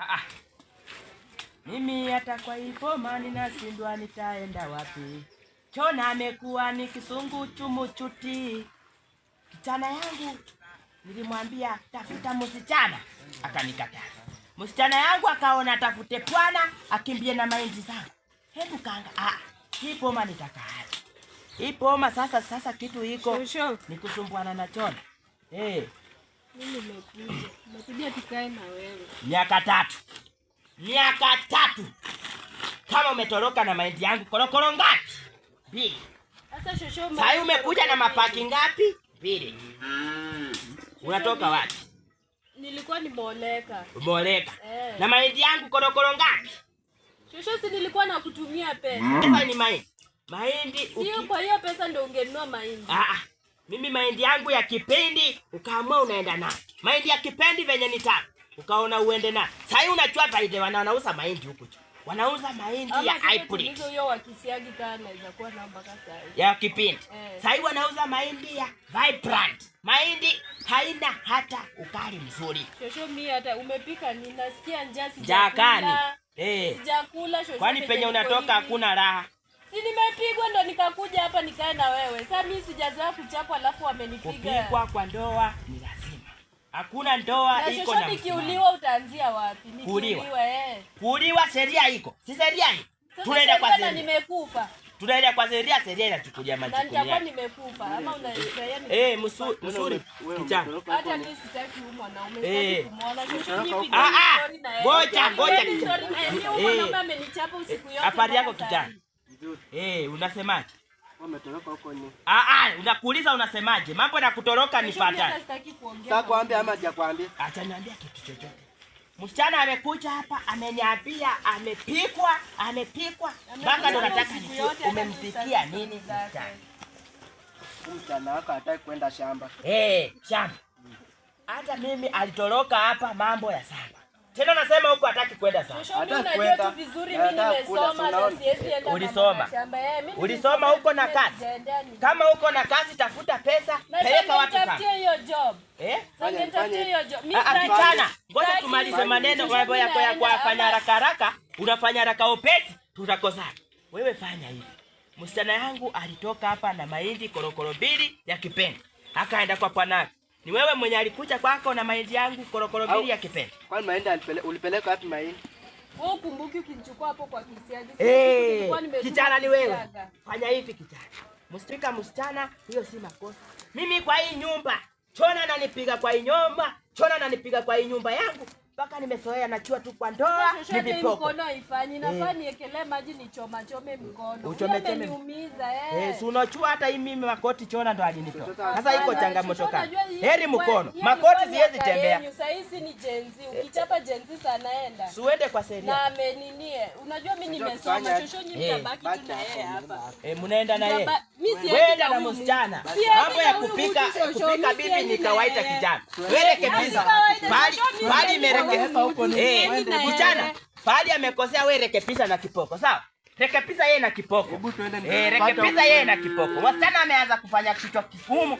Ah, ah, mimi hata kwa ipoma ninashindwa nitaenda wapi? Chona amekuwa ni kisungu chumu chuti. Kijana yangu nilimwambia tafuta msichana, akanikataza. Msichana yangu akaona tafute pwana akimbie na maindi zangu. Hebu kanga, ah, hii poma nitakaa. Hii poma sasa sasa kitu iko nikusumbuana na Chona. Eh, hey miaka tatu, miaka tatu. Kama umetoroka na mahindi yangu korokoro ngapi? Mbili. Sai umekuja na mapaki ngapi? Mbili. Mm. Unatoka wapi? Nilikuwa nimeoleka. Umeoleka. Eh. Na mahindi yangu korokoro ngapi? Shosho, si nilikuwa nakutumia pesa. Pesa hmm. ni mahindi. maindi Sio uki... kwa hiyo pesa ndo ungenua maindi ah, ah, mimi maindi yangu ya kipindi ukaamua unaenda na mahindi ya kipendi venye ni tamu, ukaona uende naye sahii. Unachua vaide wana wanauza mahindi huku wanauza mahindi ya hybrid hiyo wa kisiagi inaweza kuwa na mpaka ya kipindi eh. Sahii wanauza mahindi ya vibrant, mahindi haina hata ukali mzuri. Shosho mimi hata umepika, ninasikia njaa sijakula, eh sijakula. shosho Kwani penye unatoka hakuna raha Si nimepigwa ndo nikakuja hapa nikae na wewe. Sasa mimi sijazoea kuchapwa alafu wamenipiga. Kupigwa kwa ndoa ni lazima. Hakuna ndoa na iko na. Nikiuliwa utaanzia wapi? Nikiuliwa eh. Kuuliwa sheria iko. Si sheria hii. Tunaenda kwa sheria. Nimekufa. Tunaenda kwa sheria, sheria inachukulia majukumu Na nitakuwa nimekufa ama unaisaidia ni. Eh, msuri msuri kijana. Hata mimi sitaki huyu mwanaume eh. sitaki kumuona. ngoja ah. ah! Ngoja ngoja kijana. Eh, huyu eh. mwanaume amenichapa usiku yote. hapari yako kijana. Eh, unasemaje? Wametoroka huko ni. Ah ah, unakuuliza unasemaje? Mambo na kutoroka ni fata. Sasa kuambia ama kuambia? Acha niambie kitu chochote. Msichana amekuja hapa ameniambia amepikwa, amepikwa. Mpaka ndo nataka nijue umempikia nini msichana? Msichana wako hataki kwenda shamba. Eh, shamba. Hata mimi alitoroka hapa mambo ya saba. Tena nasema huko hataki kwenda sana. Ulisoma. Eh, Ulisoma huko na kazi. Kama huko na kazi tafuta pesa, peleka watu sana. Eh? hiyo job. Eh? Ah, ah, Kijana, ngoja tumalize maneno mambo yako ya kwa fanya haraka haraka, unafanya haraka upesi, tutakosana. Wewe fanya hivi. Msichana yangu alitoka hapa na mahindi korokoro mbili ya kipenda. Akaenda kwa panaki. Ni wewe mwenye alikuja kwako na mahindi yangu korokoro mbili ya kipele. Kwani mahindi ulipeleka wapi mahindi? Wewe ukumbuki ukinichukua hapo kwa kisiagi. Eh, kijana ni wewe. Fanya hivi kijana. Msitika msichana, hiyo si makosa. Mimi kwa hii nyumba, Chona ananipiga kwa hii nyumba, Chona ananipiga kwa hii nyumba yangu mpaka nimesoea, nachua tu kwa ndoa ni vipoko. Mkono ifanyi mm. nafaa niekelee maji ni choma chome mkono. Uchome chome. Niumiza eh. Eh, si unachua hata hii mimi makoti chona ndo alinitoa. Sasa iko changamoto kali. Heri mkono. Makoti siwezi tembea. Saizi ni jenzi. Ukichapa jenzi sana enda. Siwende kwa seria. Na ameninie. Unajua mimi nimesoma shosho nyinyi eh. mtabaki tu na yeye hapa. Eh, mnaenda na yeye. Wenda na msichana. Mambo ya kupika kupika bibi nikawaita kijana. Wewe kabisa. Bali bali mere Eh, mchana pahali amekosea, we rekepisa na kipoko, sawa? rekepisa yeye na kipoko, eh, rekepisa yeye na kipoko. Wasichana ameanza kufanya kichwa kigumu.